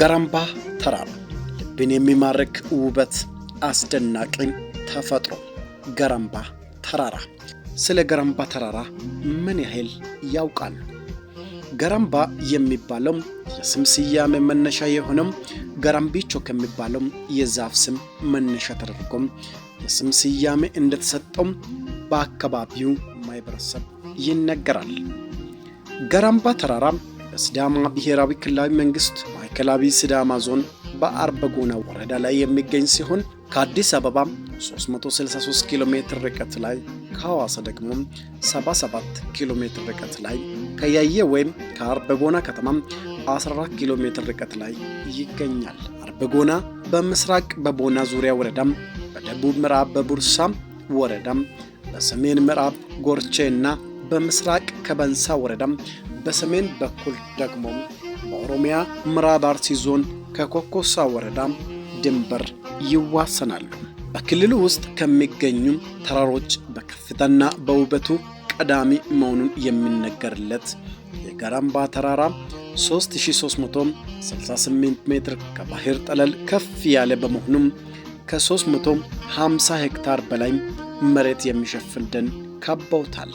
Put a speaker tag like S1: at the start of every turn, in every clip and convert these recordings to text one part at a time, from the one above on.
S1: ተራ ተራራ ልብን የሚማርክ ውበት፣ አስደናቂ ተፈጥሮ። ገረምባ ተራራ። ስለ ገራምባ ተራራ ምን ያህል ያውቃሉ? ገረምባ የሚባለው የስም ስያሜ መነሻ የሆነም ገረምቢቾ ከሚባለው የዛፍ ስም መነሻ ተደርጎም የስም ስያሜ እንደተሰጠው በአካባቢው ማህበረሰብ ይነገራል። ገረምባ ተራራ በሲዳማ ብሔራዊ ክልላዊ መንግስት ማዕከላዊ ሲዳማ ዞን በአርበጎና ወረዳ ላይ የሚገኝ ሲሆን ከአዲስ አበባ 363 ኪሎ ሜትር ርቀት ላይ ከሐዋሳ ደግሞ 77 ኪሎ ሜትር ርቀት ላይ ከያየ ወይም ከአርበጎና ጎና ከተማ 14 ኪሎ ሜትር ርቀት ላይ ይገኛል። አርበጎና ጎና በምስራቅ በቦና ዙሪያ ወረዳም፣ በደቡብ ምዕራብ በቡርሳ ወረዳም፣ በሰሜን ምዕራብ ጎርቼ እና በምስራቅ ከበንሳ ወረዳም በሰሜን በኩል ደግሞ በኦሮሚያ ምዕራብ አርሲ ዞን ከኮኮሳ ወረዳ ድንበር ይዋሰናሉ። በክልሉ ውስጥ ከሚገኙ ተራሮች በከፍታና በውበቱ ቀዳሚ መሆኑን የሚነገርለት የጋራምባ ተራራ 3368 ሜትር ከባህር ጠለል ከፍ ያለ በመሆኑም ከ350 ሄክታር በላይ መሬት የሚሸፍን ደን ካባውታል።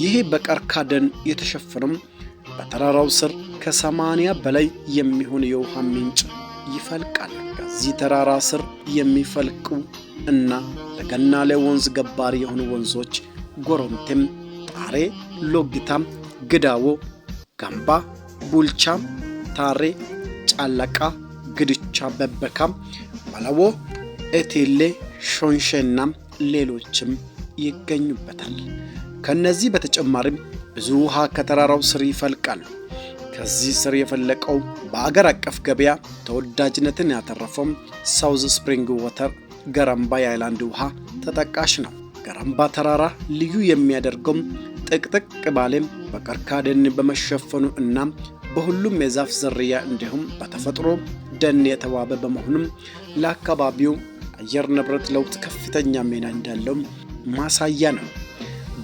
S1: ይሄ በቀርካ ደን የተሸፈነም በተራራው ስር ከሰማንያ በላይ የሚሆን የውሃ ምንጭ ይፈልቃል። ከዚህ ተራራ ስር የሚፈልቁ እና ለገና ላይ ወንዝ ገባሪ የሆኑ ወንዞች ጎረምቴም፣ ጣሬ፣ ሎጊታም፣ ግዳዎ፣ ጋምባ፣ ቡልቻም፣ ታሬ፣ ጫለቃ፣ ግድቻ፣ በበካም፣ ወለቦ፣ ኤቴሌ፣ ሾንሼና ሌሎችም ይገኙበታል። ከነዚህ በተጨማሪም ብዙ ውሃ ከተራራው ስር ይፈልቃሉ። ከዚህ ስር የፈለቀው በአገር አቀፍ ገበያ ተወዳጅነትን ያተረፈውም ሳውዝ ስፕሪንግ ወተር ገረምባ የአይላንድ ውሃ ተጠቃሽ ነው። ገረምባ ተራራ ልዩ የሚያደርገውም ጥቅጥቅ ባሌም በቀርከሃ ደን በመሸፈኑ እና በሁሉም የዛፍ ዝርያ እንዲሁም በተፈጥሮ ደን የተዋበ በመሆኑም ለአካባቢው አየር ንብረት ለውጥ ከፍተኛ ሚና እንዳለውም ማሳያ ነው።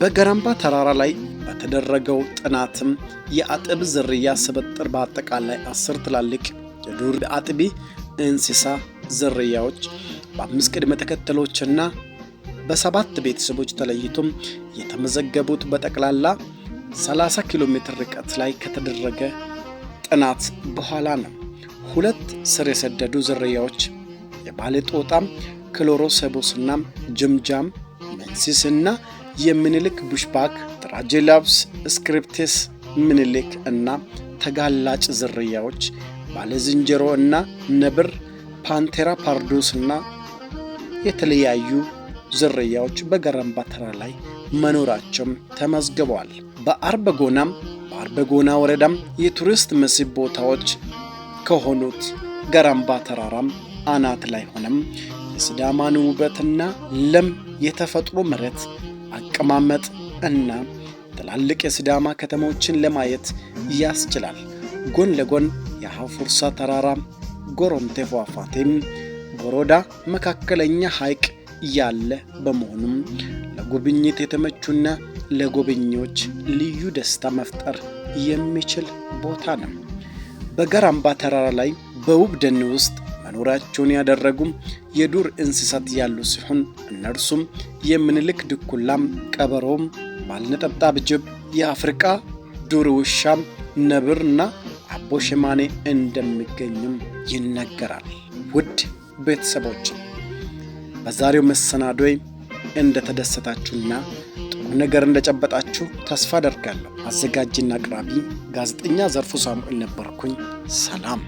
S1: በገራምባ ተራራ ላይ በተደረገው ጥናትም የአጥቢ ዝርያ ስብጥር በአጠቃላይ አስር ትላልቅ የዱር አጥቢ እንስሳ ዝርያዎች በአምስት ቅድመ ተከተሎችና በሰባት ቤተሰቦች ተለይቶም የተመዘገቡት በጠቅላላ 30 ኪሎ ሜትር ርቀት ላይ ከተደረገ ጥናት በኋላ ነው። ሁለት ስር የሰደዱ ዝርያዎች የባሌ ጦጣም፣ ክሎሮሴቦስናም፣ ጅምጃም፣ መንሲስና የምኒልክ ቡሽባክ፣ ትራጀላፕስ፣ ስክሪፕቴስ ምኒልክ እና ተጋላጭ ዝርያዎች ባለዝንጀሮ እና ነብር፣ ፓንቴራ ፓርዶስ እና የተለያዩ ዝርያዎች በገረምባ ተራ ላይ መኖራቸውም ተመዝግበዋል። በአርበጎናም በአርበጎና ወረዳም የቱሪስት መስህብ ቦታዎች ከሆኑት ገረምባ ተራራም አናት ላይ ሆነም የስዳማን ውበትና ለም የተፈጥሮ መሬት አቀማመጥ እና ትላልቅ የሲዳማ ከተሞችን ለማየት ያስችላል። ጎን ለጎን የሐፉርሳ ተራራ፣ ጎሮምቴ ፏፏቴም ቦሮዳ መካከለኛ ሐይቅ ያለ በመሆኑም ለጉብኝት የተመቹና ለጎብኚዎች ልዩ ደስታ መፍጠር የሚችል ቦታ ነው። በገራምባ ተራራ ላይ በውብ ደን ውስጥ መኖራቸውን ያደረጉም የዱር እንስሳት ያሉ ሲሆን እነርሱም የምኒልክ ድኩላም፣ ቀበሮም፣ ባለነጠብጣብ ጅብ፣ የአፍሪቃ ዱር ውሻም፣ ነብርና አቦ ሸማኔ እንደሚገኙም ይነገራል። ውድ ቤተሰቦች በዛሬው መሰናዶ እንደተደሰታችሁና ጥሩ ነገር እንደጨበጣችሁ ተስፋ አደርጋለሁ። አዘጋጅና አቅራቢ ጋዜጠኛ ዘርፉ ሳሙኤል ነበርኩኝ። ሰላም